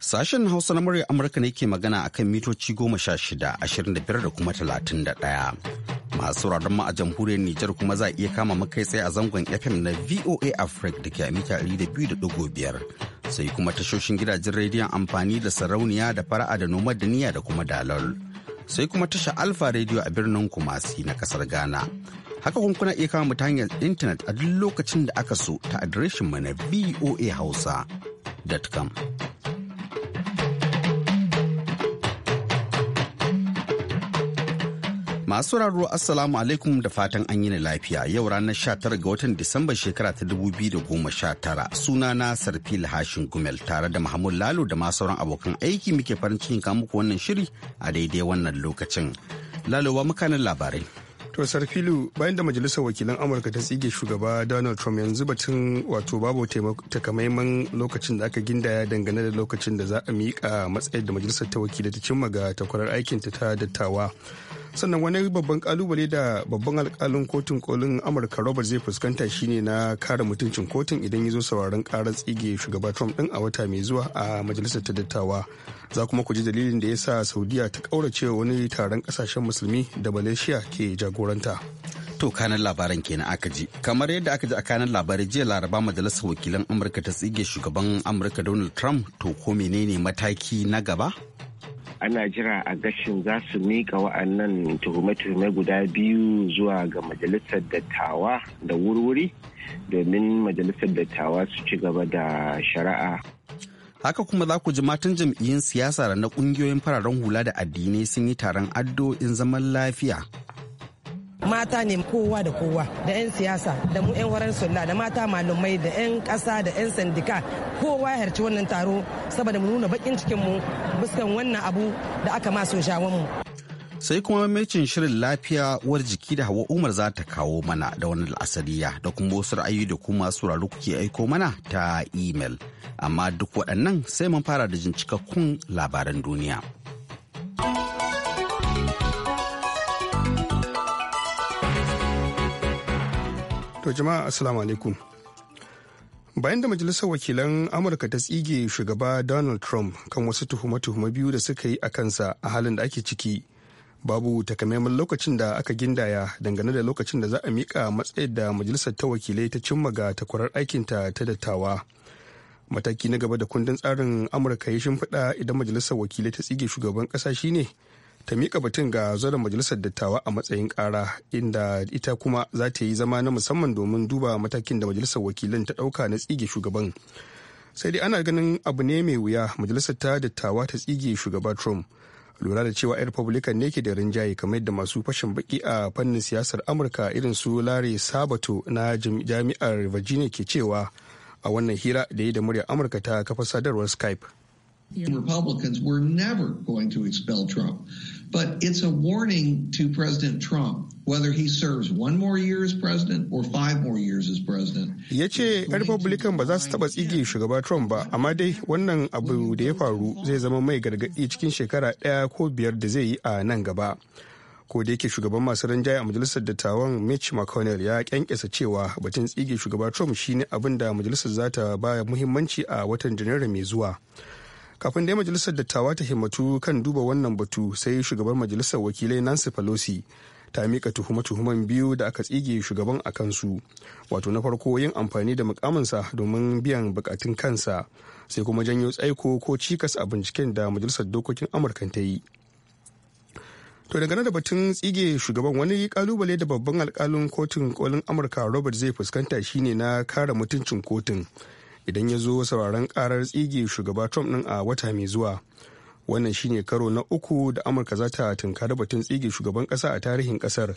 Sashen Hausa na murya Amurka ne ke magana akan mitoci goma sha shida, ashirin da biyar da kuma talatin da ɗaya. Masu sauraron mu a jamhuriyar Nijar kuma za a iya kama makai tsaye a zangon FM na VOA Africa da ke a mita ɗari da biyu da ɗigo biyar. Sai kuma tashoshin gidajen rediyon amfani da sarauniya da fara'a da noma da niyya da kuma dalol. Sai kuma tasha Alfa Radio a birnin Kumasi na kasar Ghana. Haka kunkuna kuna iya kama mu ta hanyar intanet a duk lokacin da aka so ta adireshin mu na voahausa.com. Masu raro Assalamu alaikum da fatan an yi lafiya yau ranar 19 ga watan Disamba shekara ta 2019 suna na Sarfil Hashin Gumel tare da Mahmud Lalo da ma sauran abokan aiki muke farin cikin kamu wannan shiri a daidai wannan lokacin. Lalo ba mukanin labarai. To Sarfilu bayan da majalisar wakilan Amurka ta tsige shugaba Donald Trump yanzu batun wato babu takamaiman lokacin da aka gindaya dangane da lokacin da za a miƙa matsayar da majalisar ta wakilai ta cimma ga takwarar aikinta ta dattawa. sannan wani babban kalubale da babban alkalin kotun kolin amurka robert zai fuskanta shine na kare mutuncin kotun idan ya zo sauraron karar tsige shugaba trump din a wata mai zuwa a majalisar ta dattawa za kuma ku ji dalilin da ya sa saudiya ta kaurace wani taron kasashen musulmi da malaysia ke jagoranta to kanan labaran kenan aka ji kamar yadda aka ji a kanan labarai jiya laraba majalisar wakilan amurka ta tsige shugaban amurka donald trump to ko menene mataki na gaba ana jira a gashin za su mika wa'annan tuhume-tuhume guda biyu zuwa ga majalisar dattawa da wurwuri domin majalisar dattawa su ci gaba da shari'a. Haka kuma za ku ji matan jam'iyyun siyasa da na ƙungiyoyin fararen hula da addinai sun yi taron addu'o'in zaman lafiya mata ne kowa da kowa da 'yan siyasa da mu 'yan waran sulla da mata malamai da 'yan ƙasa da 'yan sandika kowa ya harci wannan taro saboda mu nuna bakin cikin mu buskan wannan abu da aka ma sun mu. sai kuma mamacin shirin lafiya uwar jiki da hawa umar za ta kawo mana da wani asaliya da kuma wasu ra'ayi da kuma sauraro kuke aiko mana ta email amma duk waɗannan sai mun fara da jin cikakkun labaran duniya. To jama'a assalamu alaikum. Bayan da majalisar wakilan Amurka ta tsige shugaba Donald Trump kan wasu tuhume-tuhume biyu da suka yi a kansa a halin da ake ciki, babu takamaiman lokacin da aka gindaya dangane da lokacin da za a miƙa matsayin da majalisar ta wakilai ta cimma ga takwarar aikinta ta dattawa. Mataki na gaba da kundin tsarin Amurka ya shimfiɗa idan majalisar wakilai ta tsige shugaban ƙasa shine ne ta mika batun ga zauren majalisar dattawa a matsayin kara inda ita kuma za ta yi zama na musamman domin duba matakin da majalisar wakilan ta ɗauka na tsige shugaban sai dai ana ganin abu ne mai wuya majalisar ta dattawa ta tsige shugaba trump lura da cewa 'yan republican ne ke da rinjaye kamar yadda masu fashin baki a fannin siyasar amurka irin su larry sabato na jami'ar virginia ke cewa a wannan hira da yi da muryar amurka ta kafa sadarwar skype republicans were never going to expel trump But it's a warning to President Trump whether he serves one more year as president or five more years as president. Ya ce yan Republican ba za su taba tsige shugaba Trump ba, amma dai wannan abu da ya faru zai zama mai gargaɗi cikin shekara ɗaya ko biyar da zai yi a nan gaba. Ko da yake shugaban masu rinjaye a majalisar dattawan Mitch McConnell ya kyankyasa cewa batun tsige shugaba Trump shine abin da majalisar za ta ba muhimmanci a watan Janairu mai zuwa. kafin dai majalisar dattawa ta himmatu kan duba wannan batu sai shugaban majalisar wakilai nancy pelosi ta mika tuhume-tuhumen biyu da aka tsige shugaban a kansu wato na farko yin amfani da mukaminsa domin biyan bukatun kansa sai kuma janyo tsaiko ko cikas a binciken da majalisar dokokin amurka ta yi to dangane da batun tsige shugaban wani kalubale da babban alkalin kotun kolin amurka robert zai fuskanta shine na kare mutuncin kotun idan ya zo sauraron karar tsige shugaba trump din a wata mai zuwa wannan shine karo na uku da amurka za ta tunkari batun tsige shugaban kasa a tarihin kasar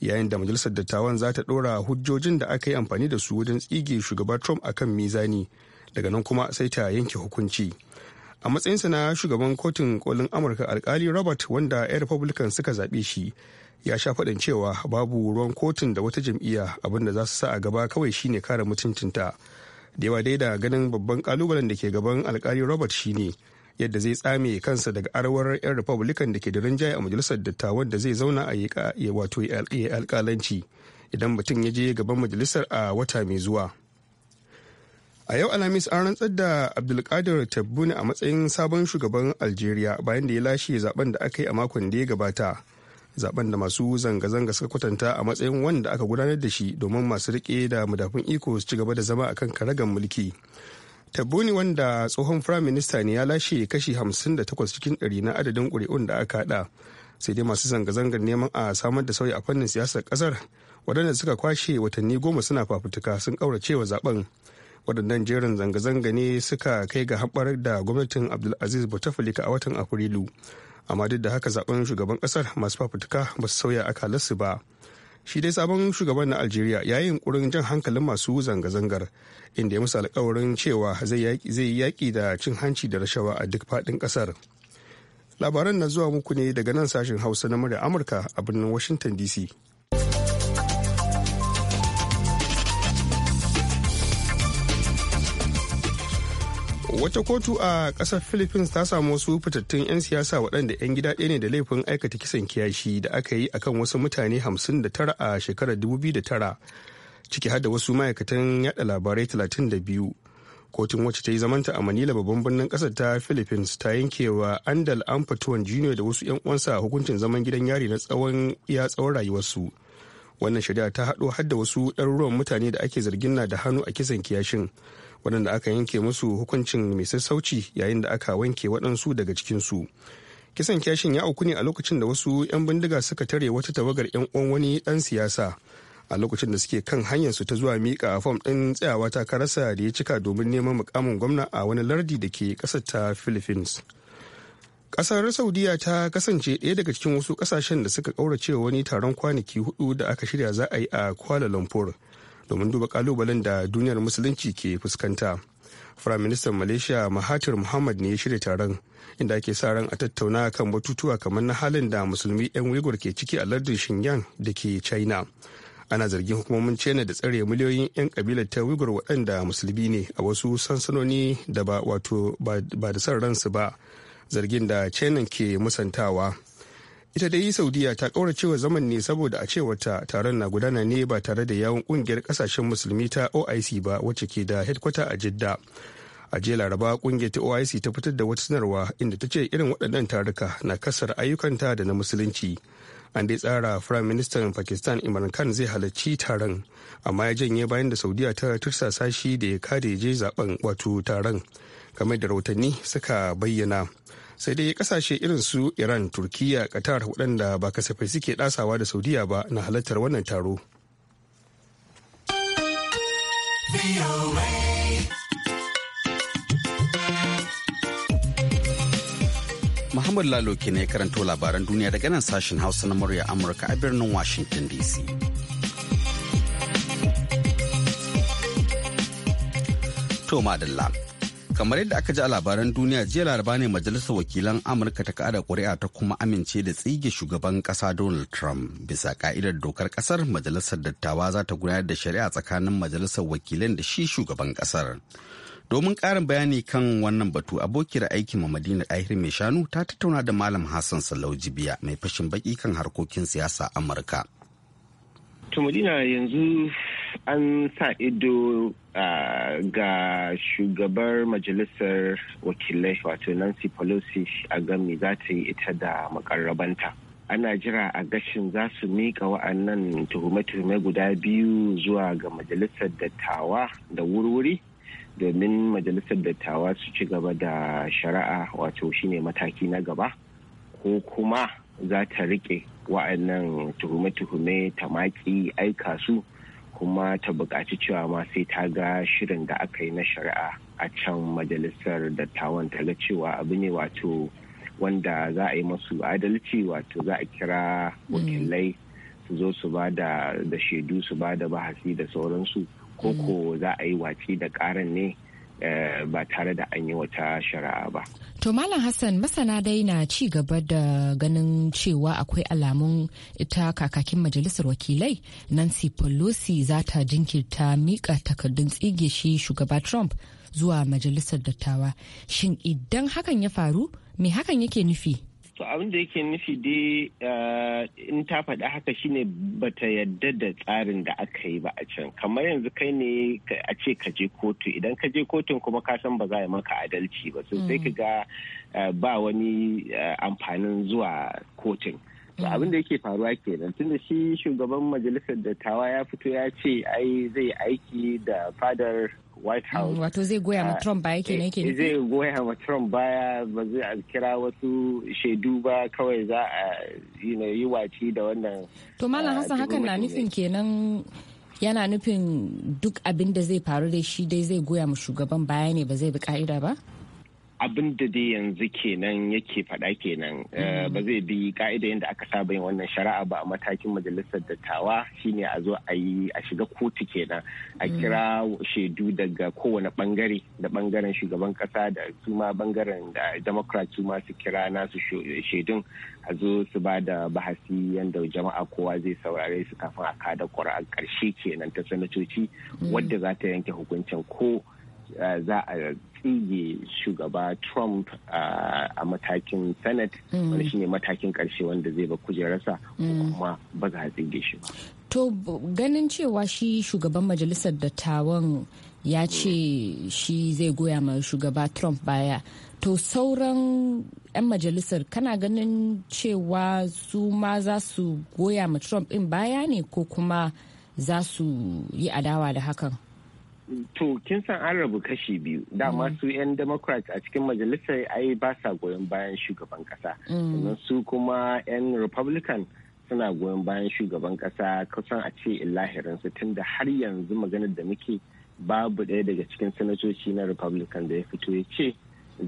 yayin da majalisar dattawan za ta dora hujjojin da aka yi amfani da su wajen tsige shugaba trump akan mizani daga nan kuma sai ta yanke hukunci a matsayinsa na shugaban kotun kolin amurka alkali robert wanda 'yan republican suka zaɓe shi ya sha faɗin cewa babu ruwan kotun da wata jam'iyya abinda za su sa a gaba kawai shine kare mutuncinta da yawa dai da ganin babban kalubalen da ke gaban alkali robert shine yadda zai tsame kansa daga arwar 'yan republican da ke da rinjaye a majalisar dattawan da zai zauna a yi wato alkalanci idan mutum ya je gaban majalisar a wata mai zuwa a yau alhamis an rantsar da abdulkadir tabbuni a matsayin sabon shugaban algeria bayan da ya lashe zaben da aka yi a makon da ya gabata zaben da masu zanga-zanga suka kwatanta a matsayin wanda aka gudanar da shi domin masu rike da madafun iko su ci gaba da zama a kan karagan mulki tabbuni wanda tsohon firayim minista ne ya lashe kashi 58 cikin ɗari na adadin ƙuri'un da aka haɗa sai dai masu zanga-zangar neman a samar da sauyi a fannin siyasar ƙasar waɗanda suka kwashe watanni goma suna fafutuka sun ƙauracewa zaben waɗannan jerin zanga-zanga ne suka kai ga haɓar da gwamnatin abdulaziz bouteflika a watan afrilu amma duk da haka zaben shugaban kasar masu fafutuka ba su sauya akalarsu ba shi dai sabon shugaban na algeria ya yi yunkurin jan hankalin masu zanga-zangar inda ya misali alkawarin cewa zai yi yaƙi da cin hanci da rashawa a duk faɗin ƙasar labaran na zuwa muku ne daga nan sashen hausa na murya amurka a birnin washington dc wata kotu a kasar philippines ta samu wasu fitattun 'yan siyasa waɗanda 'yan gida ɗaya ne da laifin aikata kisan kiyashi da aka yi akan wasu mutane 59 a shekarar 2009 ciki har da wasu ma'aikatan yada labarai 32 kotun wacce ta yi zamanta a manila babban birnin kasar ta philippines ta yanke wa andal amfatuwan junior da wasu 'yan uwansa hukuncin zaman gidan yari na tsawon ya tsawon rayuwarsu wannan shari'a ta haɗo har da wasu ɗaruruwan mutane da ake zargin na da hannu a kisan kiyashin waɗanda aka yanke musu hukuncin mai sassauci yayin da aka wanke waɗansu daga cikinsu kisan kyashin ya auku ne a lokacin da wasu 'yan bindiga suka tare wata tawagar 'yan uwan wani ɗan siyasa a lokacin da suke kan hanyar su ta zuwa miƙa fom ɗin tsayawa takararsa da ya cika domin neman mukamin gwamna a wani lardi da ke ƙasar ta philippines kasar saudiya ta kasance ɗaya daga cikin wasu ƙasashen da suka ƙaurace wani taron kwanaki hudu da aka shirya za a yi a kuala lumpur domin duba kalubalen da duniyar musulunci ke fuskanta firayim ministan malaysia mahathir muhammad ne ya shirya taron inda ake sa ran a tattauna kan batutuwa kamar na halin da musulmi 'yan wigur ke ciki a lardin shinyan da ke china ana zargin hukumomin china da tsare miliyoyin 'yan kabilar ta wigur waɗanda musulmi ne a wasu sansanoni da ba wato ba da son ransu ba zargin da china ke musantawa ita dai saudiya ta ƙauracewa zaman ne saboda a cewarta taron na gudana ne ba tare da yawon kungiyar kasashen musulmi ta oic ba wacce ke da headquarter a jidda a jiya laraba kungiyar ta oic ta fitar da wata sanarwa inda ta ce irin waɗannan taruka na kasar ayyukanta da na musulunci an dai tsara firayim ministan pakistan imran khan zai halarci taron amma ya janye bayan da saudiya ta tursasa shi da ya kare je zaben wato taron kamar da rahotanni suka bayyana sai dai kasashe irin su iran turkiya qatar waɗanda ba kasafai suke ɗasawa da saudiya ba na halartar wannan taro Muhammad Lalo ke ne karanto labaran duniya daga nan sashen Hausa na murya Amurka a birnin Washington DC. To madalla. kamar yadda aka ji a labaran duniya jiya laraba ne majalisar wakilan amurka ta kada kuri'a ta kuma amince da tsige shugaban kasa donald trump bisa ka'idar dokar kasar majalisar dattawa za ta gudanar da shari'a tsakanin majalisar wakilan da shi shugaban kasar domin karin bayani kan wannan batu abokiyar aikin madina ɗahir mai shanu ta tattauna da malam hassan Salauji, biya mai fashin baki kan harkokin siyasa amurka to yanzu an sa ido ga shugabar majalisar wakilai wato nancy pelosi a gami za ta yi ita da makarrabanta ana jira a gashin za su miƙa wa'annan tuhume-tuhume guda biyu zuwa ga majalisar dattawa da wurwuri domin majalisar dattawa su ci gaba da shari'a wato shine mataki na gaba ko kuma za ta riƙe wa'annan tuhume-tuhume ta maki aika su kuma ta buƙaci cewa ma sai ta ga shirin da aka yi na shari'a a can majalisar dattawan ta ga cewa abu ne wato wanda za a yi masu adalci wato za a kira mm. wakilai su zo su ba da shaidu su ba da bahasi da sauransu ko mm. ko za a yi watsi da karan ne Eh, ba tare da an yi wata shari'a ba. To Malam Hassan masana dai na ci gaba da ganin cewa akwai alamun ita kakakin majalisar wakilai Nancy Pelosi za ta jinkirta mika takardun tsige shi shugaba Trump zuwa majalisar dattawa. Shin idan hakan ya faru, me hakan yake nufi? to abin da yake nufi dai eh, in ta faɗi haka shine bata yadda da tsarin da aka yi ba a can kamar yanzu kai ne a ce ka je kotu idan ka je kotun kuma ka san ba za a yi maka adalci ba sai mm. ka ga eh, ba wani eh, amfanin zuwa kotun to abin da yake faruwa kenan tunda shi shugaban majalisar dattawa ya fito ya ce ai zai aiki da fadar white house mm, wato zai goya ma ah, trump baya kenan yake eh, zai goya ma trump baya ba zai kira wasu shaidu ba kawai za a yi waci da wannan to malam ah, hassan hakan na nufin kenan yana nufin duk abin da zai faru da shi dai zai goya ma shugaban baya ne ba zai bi ka'ida ba abin da dai yanzu kenan yake faɗa kenan eh, hmm. ba zai bi ka'ida yadda aka saba yin wannan shari'a ba a matakin majalisar dattawa shine a zo a yi a shiga kotu kenan a hmm. kira shaidu daga kowane bangare da bangaren shugaban kasa da su ma bangaren da democrat su ma su kira nasu shaidun a zo su ba da bahasi yadda jama'a kowa zai saurare su kafin a kada ƙuri'ar ƙarshe kenan ta sanatoci hmm. wadda za ta yanke hukuncin ko eh, za a tsige shugaba trump uh, a matakin senate mm. wani shine matakin karshe wanda zai ba kujerarsa mm. kuma ba za a tsige shi ba. to ganin cewa shi shugaban majalisar dattawan ya ce shi zai goya ma shugaba trump baya to sauran 'yan majalisar kana ganin cewa su ma za su goya ma trump in baya ne ko kuma za su yi adawa da hakan To kin san an rabu kashi biyu dama mm. su 'yan democrat a cikin majalisar ai ba sa goyon bayan shugaban kasa. Mm. Sannan su kuma 'yan republican suna goyon bayan shugaban kasa kusan a ce tun tunda har yanzu maganar da muke babu ɗaya daga cikin sanatoci na republican da ya fito ya ce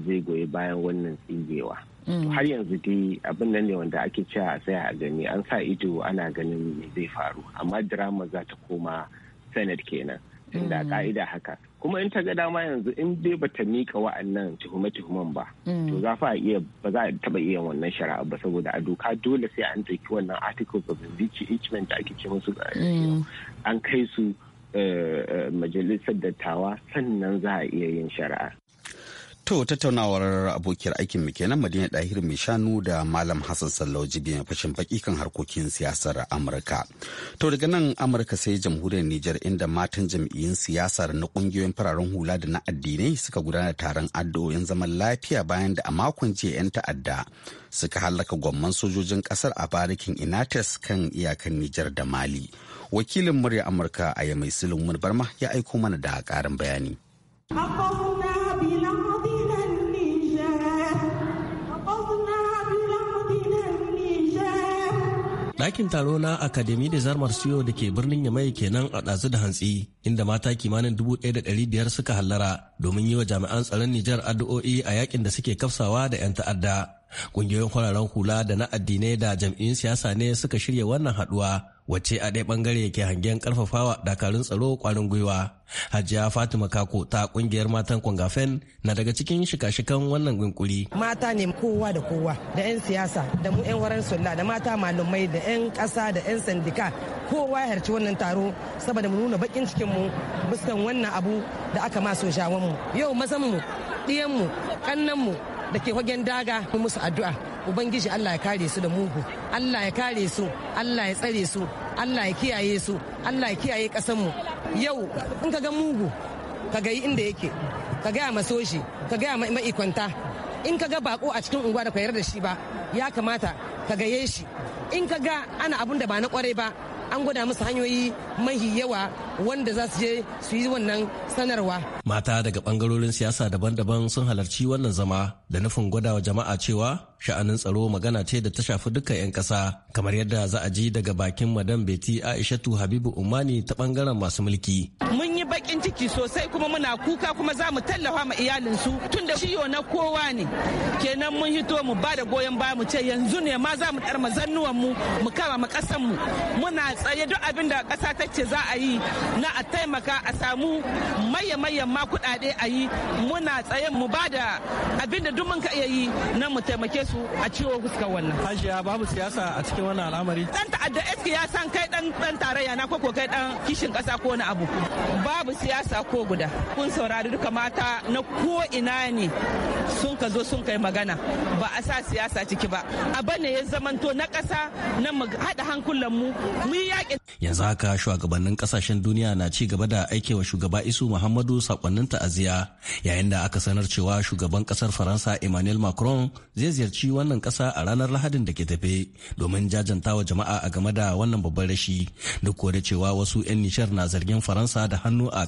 zai goyi bayan wannan tsigewa. Mm. Har yanzu dai abin nan ne wanda ake cewa a tsaya a gani an sa ido ana ganin me zai faru amma drama za ta koma senate kenan. tunda mm. ka'ida haka kuma in ta ga dama yanzu in dai bata mika wa'annan tuhume-tuhumen ba mm. to za fa iya ba za a taba iya wannan shari'a ba saboda a doka dole sai an ɗauki wannan articles of impeachment da ake ce musu mm. an kai su eh, eh, majalisar dattawa sannan za a iya yin shari'a To tattaunawar abokiyar aikin mu kenan Madina Dahir mai shanu da Malam Hassan Sallau Jibi mai fashin baki kan harkokin siyasar Amurka. To daga nan Amurka sai jamhuriyar Nijar inda matan jam'iyyun siyasar na kungiyoyin fararen hula da na addinai suka gudanar taron addu'o'in zaman lafiya bayan da a makon jiya 'yan ta'adda suka hallaka gwamman sojojin kasar a barikin Inates kan iyakan Nijar da Mali. Wakilin murya Amurka a Yamai Sulaiman Barma ya aiko mana da karin bayani. Dakin taro na Akademi da Zarmar Siyo da ke birnin Yamai kenan a ɗazu da hantsi, inda mata kimanin 1,500 suka hallara domin yi wa jami'an tsaron Nijar addu'o'i a yakin da suke kafsawa da 'yan ta'adda. Ƙungiyoyin kwararen hula da na addinai da jam'in siyasa ne suka shirya wannan haɗuwa wacce a ɗaya ɓangare ke hangen ƙarfafawa dakarun tsaro ƙwarin gwiwa. Hajiya Fatima Kako ta ƙungiyar matan Kwangafen na daga cikin shika-shikan wannan gunkuri. Mata ne kowa da kowa da 'yan siyasa da mu 'yan waran sulla da mata malumai da 'yan ƙasa da 'yan sandika kowa ya harci wannan taro saboda mu nuna baƙin cikin mu bisan wannan abu da aka ma sojawan mu. Yau mazan mu, ɗiyan mu, ƙannan mu da ke wagen daga musu addu'a ubangiji Allah ya kare su da mugu Allah ya kare su Allah ya tsare su Allah ya kiyaye su Allah ya kiyaye mu yau in ka ga mugu ka ga inda yake ka gaya maso soshi ka gaya ma'ikwanta in ka ga bako a cikin unguwa da kwayar da shi ba ya kamata ka gaye shi in ka ga ana abun da ba na kwarai ba an gwada musu hanyoyi mahi yawa wanda za su je su yi wannan sanarwa. Mata daga bangarorin siyasa daban-daban sun halarci wannan zama da nufin gwada wa jama'a cewa sha'anin tsaro magana ce da ta shafi dukkan 'yan ƙasa kamar yadda za a ji daga bakin madam beti aishatu habibu umani ta bangaren masu mulki. Mun yi bakin ciki sosai kuma muna kuka kuma za mu tallafa ma iyalinsu tun da ciwo na kowa ne kenan mun hito mu ba da goyon baya mu ce yanzu ne ma za mu dar mazannuwan mu mu kama mu kasan mu muna tsaye duk abin da kasa ta ce za a yi na a taimaka a samu maye maye ma kuɗaɗe a yi muna tsaye mu ba da abin da duk mun ka iya yi na mu taimake su a ciwo fuskar wannan. Hajiya babu siyasa a cikin wannan al'amari. Dan ta'adda eski ya san kai dan dan tarayya na ko kai dan kishin kasa ko wani abu. Babu siyasa siyasa ko guda kun saurari duka mata na ko ina ne sun ka zo sun kai magana ba a sa siyasa ciki ba a ne ya zamanto na ƙasa na haɗa hankulan mu mu yaƙi. yanzu haka shugabannin kasashen duniya na ci gaba da aikewa shugaba isu muhammadu sakonnin ta'aziyya yayin da aka sanar cewa shugaban ƙasar faransa emmanuel macron zai ziyarci wannan kasa a ranar lahadin da ke tafe domin wa jama'a a game da wannan babban rashi duk da cewa wasu 'yan nishar na zargin faransa da hannu a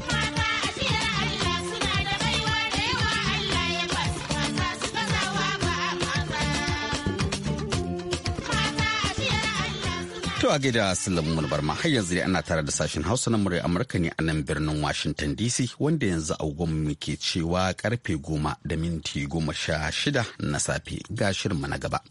a gaida Sulaiman Barma har yanzu dai ana tare da sashen Hausa na murya Amurka ne a nan birnin Washington DC wanda yanzu a mu ke cewa karfe goma da minti goma sha shida na safe ga mu na gaba.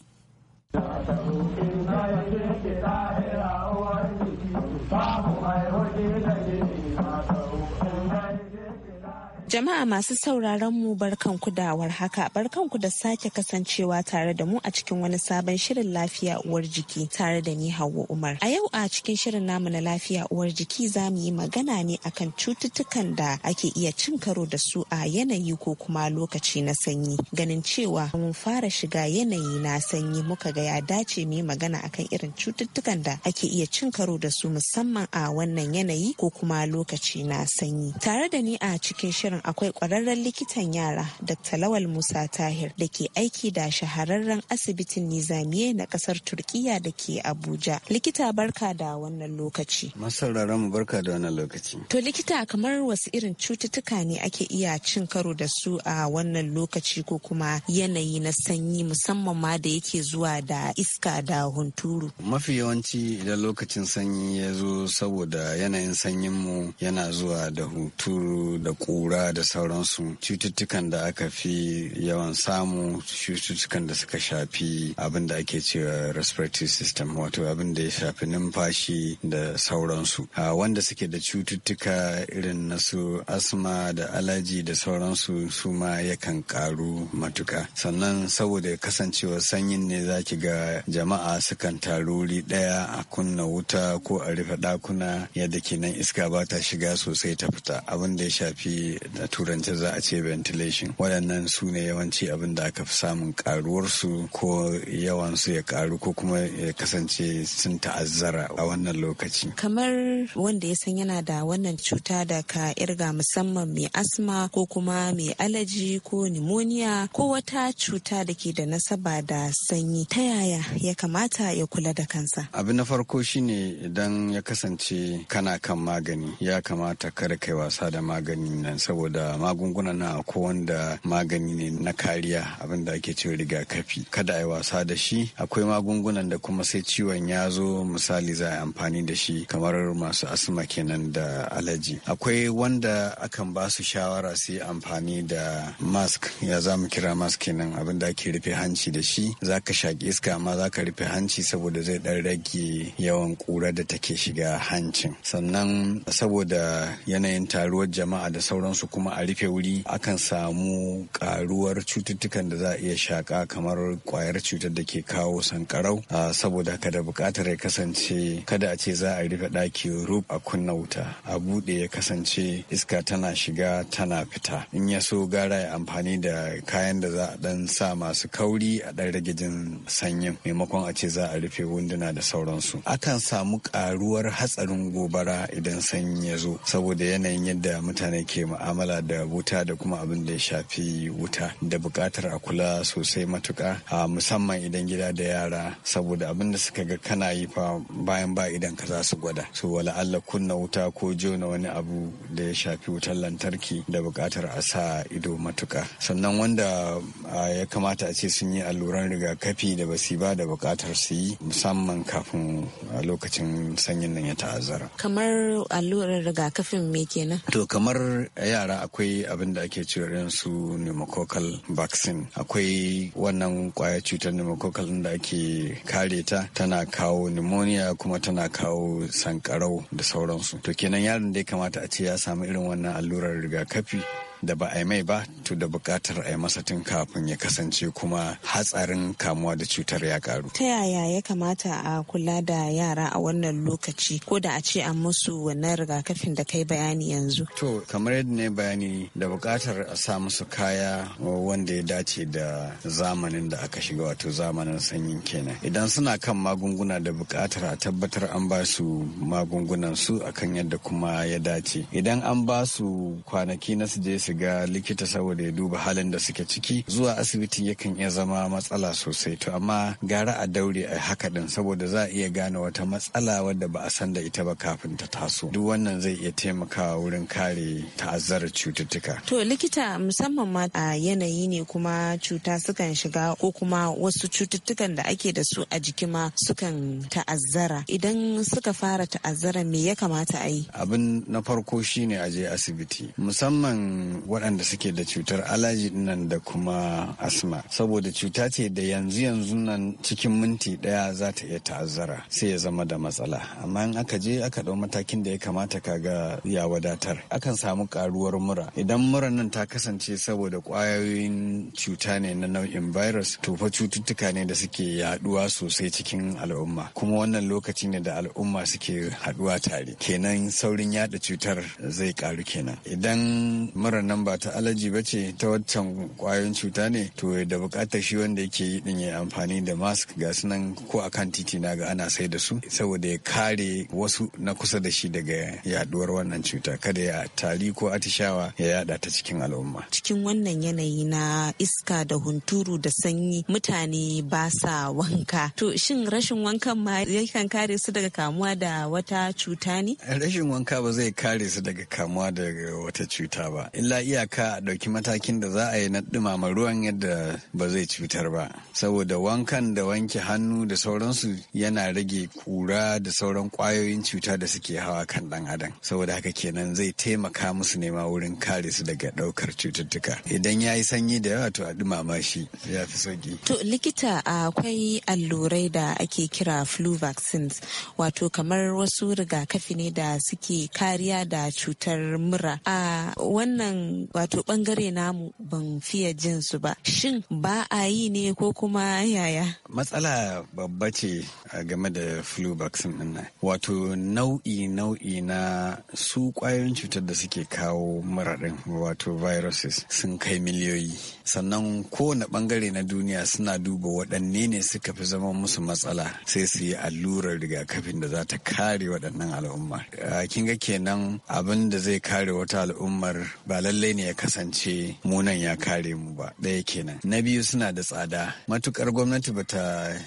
Jama'a masu sauraron mu barkanku da warhaka barkanku da sake kasancewa tare da mu a cikin wani sabon shirin lafiya uwar jiki tare da ni Hauwa Umar. A yau a cikin shirin namu na lafiya uwar jiki za mu yi magana ne akan cututtukan da ake iya cin karo da su a yanayi ko kuma lokaci na sanyi. Ganin cewa mun fara shiga yanayi na sanyi muka ga ya dace mu yi magana akan irin cututtukan da ake iya cin karo da su musamman a wannan yanayi ko kuma lokaci na sanyi. Tare da ni a cikin shirin akwai kwararren likitan yara Dr. Lawal Musa Tahir da ke aiki da shahararren asibitin Nizamiye na kasar Turkiya da ke Abuja. Likita barka da wannan lokaci. mu barka da wannan lokaci. To likita kamar wasu irin cututtuka ne ake iya cin karo da su a wannan lokaci ko kuma yanayi na sanyi musamman ma da yake zuwa da iska da hunturu. Mafi yawanci idan lokacin sanyi ya zo saboda yanayin sanyin mu yana zuwa da hunturu da kura da sauransu cututtukan da aka fi yawan samu cututtukan da suka shafi abin da ake cewa respiratory system wato abin da ya shafi numfashi da sauransu wanda suke da cututtuka irin na su asma da alaji da sauransu su ma yakan karu matuka sannan saboda kasancewa sanyin ne za ki ga jama'a sukan taru wuri ɗaya a kunna wuta ko a rufe ɗakuna yadda kenan iska ba ta shiga sosai ta fita abin da ya shafi a turanci za a ce ventilation waɗannan su ne yawanci abin da aka fi samun karuwarsu ko yawansu ya karu ko kuma ya kasance sun ta'azzara a wannan lokaci kamar wanda ya san yana da wannan cuta da ka irga musamman mai asma ko kuma mai alaji ko pneumonia ko wata cuta da ke da nasaba da sanyi ta yaya ya kamata ya kula da kansa abu na farko shine idan ya kasance kana kan magani ya kamata kada kai wasa da maganin nan saboda da magungunan na ko wanda magani ne na kariya abin da ake cewa rigakafi kada a yi wasa da shi akwai magungunan da kuma sai ciwon ya zo misali za a yi amfani da shi kamar masu asma kenan da alaji akwai wanda akan ba su shawara sai amfani da mask ya za mu kira mask kenan abin da ake rufe hanci da shi za ka shaƙi iska amma za ka rufe hanci saboda zai ɗan rage yawan ƙura da take shiga hancin sannan saboda yanayin taruwar jama'a da sauransu kuma a rufe wuri akan samu karuwar cututtukan da za a iya shaka kamar kwayar cutar da ke kawo sankarau saboda haka da bukatar ya kasance kada a ce za a rufe ɗakin rub a kunna wuta a bude ya kasance iska tana shiga tana fita in ya so gara ya amfani da kayan da za a ɗan sa masu kauri a ɗan rage jin sanyin maimakon a ce za a rufe wunduna da sauransu akan samu karuwar hatsarin gobara idan sanyi ya zo saboda yanayin yadda mutane ke ma'amala. mu'amala da wuta da kuma abin da ya shafi wuta da buƙatar a kula sosai matuka a musamman idan gida da yara saboda abin da suka ga kana yi fa bayan ba idan ka za su gwada so wala Allah kunna wuta ko jona wani abu da ya shafi wutar lantarki da buƙatar a sa ido matuka sannan wanda ya kamata a ce sun yi alluran rigakafi da basi ba da buƙatar su yi musamman kafin lokacin sanyin nan ya ta'azzara kamar allurar rigakafin me kenan to kamar yara yara akwai abin da ake cewa su pneumococcal vaccine akwai wannan kwaya cutar pneumococcal da ake kare ta tana kawo pneumonia kuma tana kawo sankarau da sauransu to kenan yaron da ya kamata a ce ya samu irin wannan allurar rigakafi da ba a yi mai ba to da bukatar a yi masa tun kafin ya kasance kuma hatsarin kamuwa da cutar ya karu. Ta yaya ya kamata a kula da yara a wannan lokaci ko da a ce an musu wannan rigakafin da kai bayani yanzu? To kamar yadda ne bayani da bukatar a sa musu kaya wanda ya dace da zamanin da aka shiga wato zamanin sanyin kenan. Idan suna kan magunguna da bukatar a tabbatar an ba su magungunan su akan yadda kuma ya dace. Idan an ba su kwanaki na su je su su ga likita saboda ya duba halin da suke ciki zuwa asibiti yakan iya zama matsala sosai to amma gara a daure a haka din saboda za a iya gane wata matsala wadda ba a san da ita ba kafin ta taso duk wannan zai iya taimakawa wurin kare ta'azzarar cututtuka to likita musamman ma a yanayi ne kuma cuta sukan shiga ko kuma wasu cututtukan da ake da su a jiki ma sukan ta'azzara idan suka fara ta'azzara me ya kamata a yi abin na farko shine a je asibiti musamman waɗanda suke da cutar alaji nan da kuma asma saboda cuta ce da yanzu yanzu nan cikin minti ɗaya za ta iya ta'azzara sai ya zama da matsala amma in aka je aka ɗau matakin da ya kamata kaga ya wadatar akan samu ƙaruwar mura idan muran nan ta kasance saboda ƙwayoyin cuta ne na nau'in virus to fa cututtuka ne da suke yaɗuwa sosai cikin al'umma kuma wannan lokaci ne da al'umma suke haɗuwa tare kenan saurin yaɗa cutar zai ƙaru kenan idan mura nan ba ta alaji ba ce ta waccan kwayoyin cuta ne to da bukatar shi wanda yake yi din ya amfani da mask ga sunan nan ko akan titi na ga ana sai da su saboda ya kare wasu na kusa da shi daga yaduwar wannan cuta kada ya tari ko atishawa ya yada ta cikin al'umma cikin wannan yanayi na iska da hunturu da sanyi mutane ba sa wanka to shin rashin wankan ma yakan kare su daga kamuwa da wata cuta ne rashin wanka ba zai kare su daga kamuwa daga wata cuta ba illa iyaka a ɗauki matakin da za a yi na ɗumama ruwan yadda ba zai cutar ba saboda wankan da wanke hannu da sauransu yana rage kura da sauran ƙwayoyin cuta da suke hawa kan ɗan adam saboda haka kenan zai taimaka musu nema wurin kare su daga ɗaukar cututtuka idan ya yi sanyi da yawa to a ɗumama shi ya fi sauki. to likita akwai allurai da ake kira flu vaccines wato kamar wasu rigakafi ne da suke kariya da cutar mura a wannan wato bangare namu ban fiye jin su ba shin ba a yi ne ko kuma yaya matsala babba ce a game da flu vaccine din nan wato nau'i nau'i na su kwayoyin cutar da suke kawo mura wato viruses sun kai miliyoyi sannan kowane bangare na duniya suna duba waɗanne ne suka fi zama musu matsala sai su yi allurar rigakafin da za ta kare waɗannan al'umma kin ga kenan abin da zai kare wata al'ummar ba lallai ne ya kasance munan ya kare mu ba ɗaya kenan na biyu suna da tsada matukar gwamnati ba ta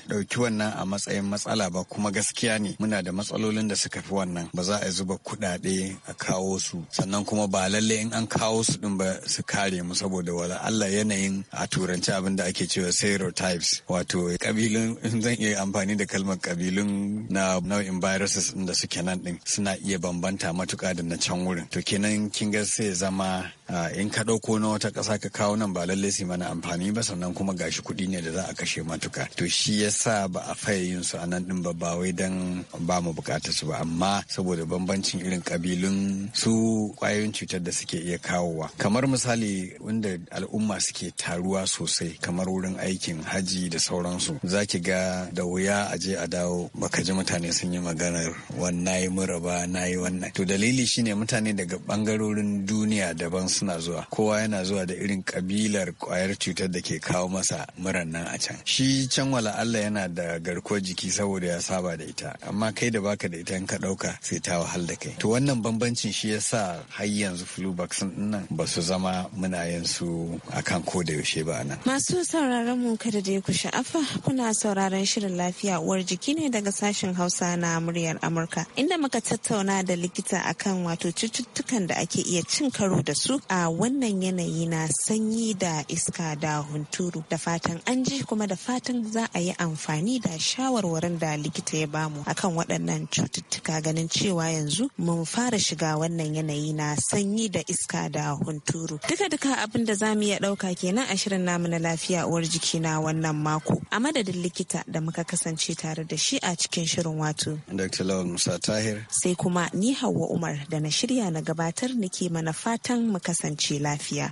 ɗauki wannan a matsayin matsala ba kuma gaskiya ne muna da matsalolin da suka fi wannan ba za a zuba kuɗaɗe a kawo su sannan kuma ba lallai in an kawo su ɗin ba su kare mu saboda wala Allah yana yanayin a turanci abin da ake cewa serotypes wato kabilun in zan iya amfani da kalmar kabilun na nau'in viruses da suke nan din suna iya bambanta matuka da na can wurin to kenan kin ga sai zama in ka ɗauko na wata ƙasa ka kawo nan ba lallai su mana amfani ba sannan kuma gashi kuɗi ne da za a kashe matuka to shi ya sa ba a faye yin su a nan ɗin ba ba wai dan ba mu buƙatar su ba amma saboda bambancin irin ƙabilun su ƙwayoyin cutar da suke iya kawowa kamar misali wanda al'umma suke taruwa sosai kamar wurin aikin haji da sauransu za ki ga da wuya a je a dawo baka ji mutane sun yi maganar wannan yi mura na yi wannan to dalili shine mutane daga ɓangarorin duniya daban suna zuwa kowa yana zuwa da irin kabilar kwayar cutar da ke kawo masa muran nan a can shi can wala Allah yana da garkuwar jiki saboda ya saba da ita amma kai da baka da ita in ka dauka sai ta wahal da kai to wannan bambancin shi yasa har yanzu flu vaccine din nan ba su zama muna yin su akan ko da yaushe ba nan masu sauraron mu kada da ku sha'afa kuna sauraron shirin lafiya uwar jiki ne daga sashen Hausa na muryar Amurka inda muka tattauna da likita akan wato cututtukan da ake iya cin karo da su a wannan yanayi na sanyi da iska da hunturu da fatan an ji kuma da fatan za a yi amfani da shawarwarin da likita ya bamu akan waɗannan cututtuka ganin cewa yanzu mun fara shiga wannan yanayi na sanyi da iska da hunturu duka duka abin da za mu iya ɗauka kenan a shirin namu na lafiya uwar jiki na wannan mako a madadin likita da muka kasance tare da shi a cikin shirin wato Dr. Lawal Musa Tahir sai kuma ni Hauwa Umar da na shirya na gabatar nike mana fatan muka kasance lafiya.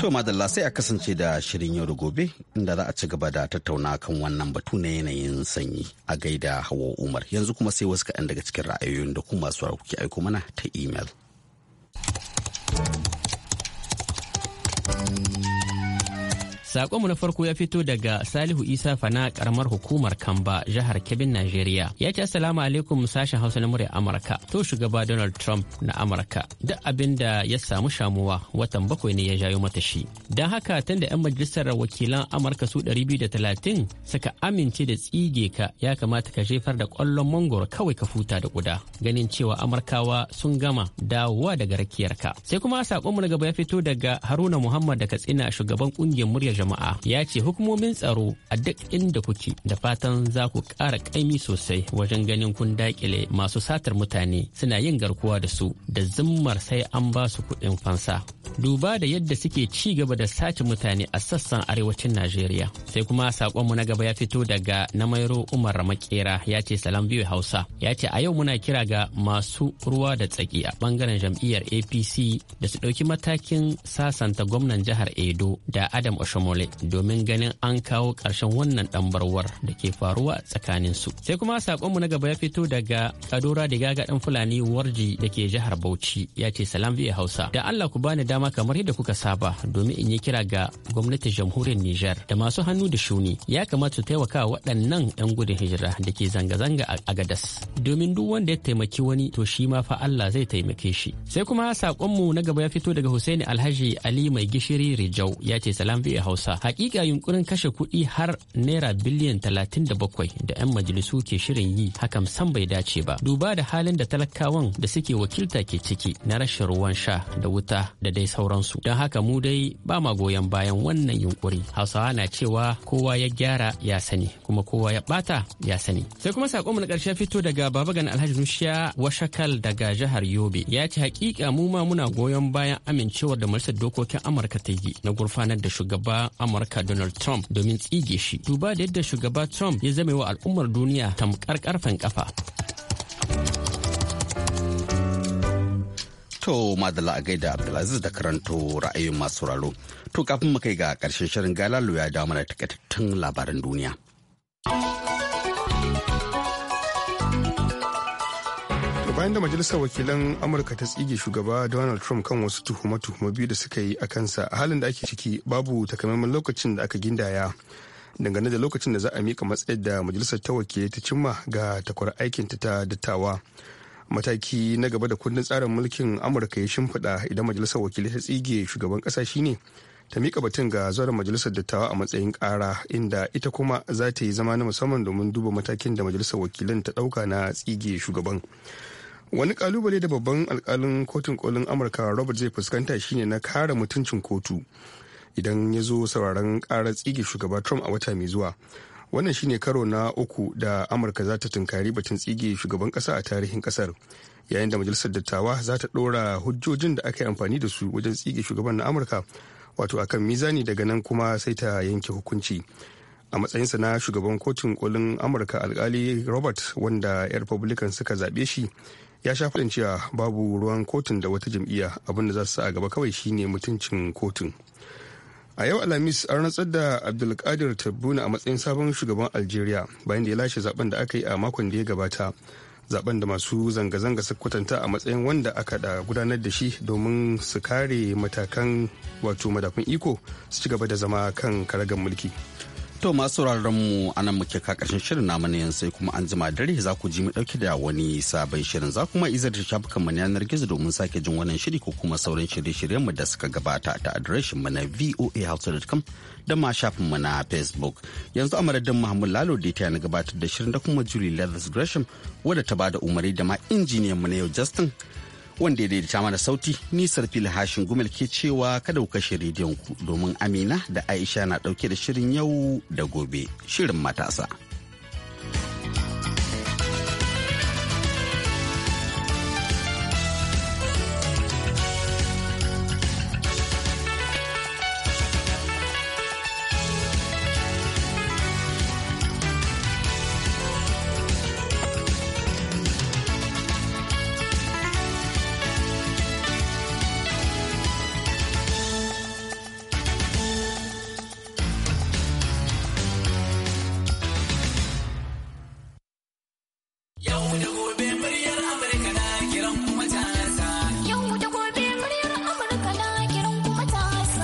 To madalla sai a kasance da shirin yau da gobe inda za a ci gaba da tattauna kan wannan batu na yanayin sanyi a gaida hawa umar yanzu kuma sai wasu kaɗan daga cikin ra'ayoyin da kuma masu kuke aiko mana ta imel. Sakonmu na farko ya fito daga Salihu Isa Fana karamar hukumar Kamba jihar Kebin Najeriya. Ya ce Assalamu alaikum sashen Hausa na murya Amurka. To shugaba Donald Trump na Amurka. Duk abin da ya samu shamuwa watan bakwai ne ya jayo mata shi. Don haka tun da 'yan majalisar wakilan Amurka su 230 suka amince da tsige ka ya kamata ka jefar da kwallon mangoro kawai ka futa da guda. Ganin cewa Amurkawa sun gama dawowa daga rakiyarka. Sai kuma sakonmu na gaba ya fito daga Haruna Muhammad da Katsina shugaban kungiyar muryar jama'a ya ce hukumomin tsaro a duk inda kuke da fatan za ku ƙara ƙaimi sosai wajen ganin kun daƙile masu satar mutane suna yin garkuwa da su da zimmar sai an ba su kuɗin fansa. Duba da yadda suke ci gaba da sace mutane a sassan arewacin Najeriya. Sai kuma saƙonmu na gaba ya fito daga na mairo Umar Makera ya ce salam biyu Hausa. Ya ce a yau muna kira ga masu ruwa da tsaki a ɓangaren jam'iyyar APC da su ɗauki matakin sasanta gwamnan jihar Edo da Adam Oshomo mole domin ganin an kawo ƙarshen wannan ɗambarwar da ke faruwa tsakanin su sai kuma saƙonmu na gaba ya fito daga kadora da gaga ɗan fulani warji da ke jihar bauchi ya ce salam biya hausa da allah ku bani dama kamar yadda kuka saba domin in yi kira ga gwamnatin jamhuriyar nijar da masu hannu da shuni ya kamata su taimaka waɗannan 'yan gudun hijira da ke zanga-zanga a agadas domin duk wanda ya taimaki wani to shi ma fa allah zai taimake shi sai kuma saƙonmu na gaba ya fito daga husaini alhaji ali mai gishiri rijau ya ce salam biya hausa Hausa. Hakika yunkurin kashe kuɗi har naira biliyan talatin da bakwai. da 'yan majalisu ke shirin yi hakan san bai dace ba. Duba da halin da talakawan da suke wakilta ke ciki na rashin ruwan sha da wuta da dai sauransu. Don haka mu dai ba ma goyon bayan wannan yunkuri. Hausawa na cewa kowa ya gyara ya sani kuma kowa ya bata ya sani. Sai kuma sakonmu na karshe fito daga Babagan Alhaji Nushiya Washakal daga jihar Yobe. Ya ce hakika mu ma muna goyon bayan amincewar da Majalisar Dokokin Amurka ta yi na gurfanar da shugaba amurka donald trump domin tsige shi duba da yadda shugaba trump ya zame wa al'ummar duniya tamkar karfen kafa To da a gaida Abdulaziz da karanto ra'ayin masu raro To kafin mu kai ga ƙarshen shirin galalu ya damu da takaitattun labaran duniya. bayan da majalisar wakilan amurka ta tsige shugaba donald trump kan wasu tuhume-tuhume biyu da suka yi a kansa a halin da ake ciki babu takamaiman lokacin da aka gindaya dangane da lokacin da za a mika matsayar da majalisar ta wakilai ta cimma ga takwar aikin ta dattawa mataki na gaba da kundin tsarin mulkin amurka ya shimfiɗa idan majalisar wakilai ta tsige shugaban ƙasa shine ta mika batun ga zuwa majalisar dattawa a matsayin ƙara inda ita kuma za ta yi zama na musamman domin duba matakin da majalisar wakilan ta ɗauka na tsige shugaban wani kalubale da babban alkalin kotun kolin amurka robert zai fuskanta shine na kare mutuncin kotu idan ya zo sauraron karar tsige shugaba trump a wata mai zuwa wannan shine karo na uku da amurka za ta tunkari batun tsige shugaban kasa a tarihin kasar yayin da majalisar dattawa za ta ɗora hujjojin da aka yi amfani da su wajen tsige shugaban na amurka wato akan mizani daga nan kuma sai ta yanke hukunci a matsayinsa na shugaban kotun kolin amurka alkali robert wanda 'yan republican suka zaɓe shi ya sha faɗin cewa babu ruwan kotun da wata jam'iyya abin da za su sa a gaba kawai shine mutuncin kotun a yau alhamis an rantsar da abdulkadir tabbuna a matsayin sabon shugaban algeria bayan da ya lashe zaben da aka yi a makon da ya gabata zaben da masu zanga-zanga suka kwatanta a matsayin wanda aka da gudanar da shi domin su kare matakan wato madafin iko su ci gaba da zama kan karagar mulki To masu mu anan muke ka karshen shirin namu ne yanzu sai kuma an jima dare za ku ji mu dauke da wani sabon shirin za kuma izar da shafukan mu na yanar gizo domin sake jin wannan shiri ko kuma sauran shirye-shiryen mu da suka gabata ta adireshin mu na voahouse.com da ma shafin mu na Facebook. Yanzu a madadin Muhammad Lalo da ta na gabatar da shirin da kuma Julie Leathers Gresham wadda ta bada umarni da ma injiniyan mu na yau Justin wanda ya daidaita mana sauti nisar fili hashin gumel ke cewa kada ku kashe rediyon ku domin amina da aisha na dauke da shirin yau da gobe shirin matasa.